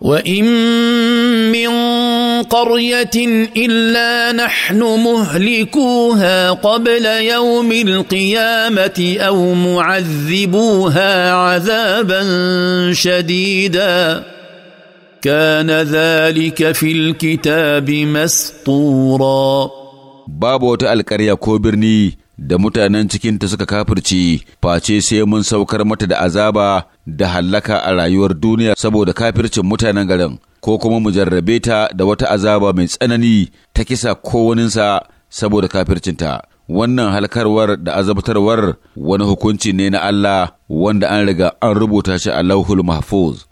وإن من قرية إلا نحن مهلكوها قبل يوم القيامة أو معذبوها عذابا شديدا كان ذلك في الكتاب مسطورا بابوت وتأل كوبرني da mutanen cikinta suka kafirci face sai mun saukar mata da azaba da hallaka a rayuwar duniya saboda kafircin mutanen garin ko kuma mu jarrabe ta da wata azaba mai tsanani ta kisa kowaninsa saboda kafircinta wannan halkarwar da azabtarwar wani hukunci ne na Allah wanda an riga an rubuta shi a lauhul mahfuz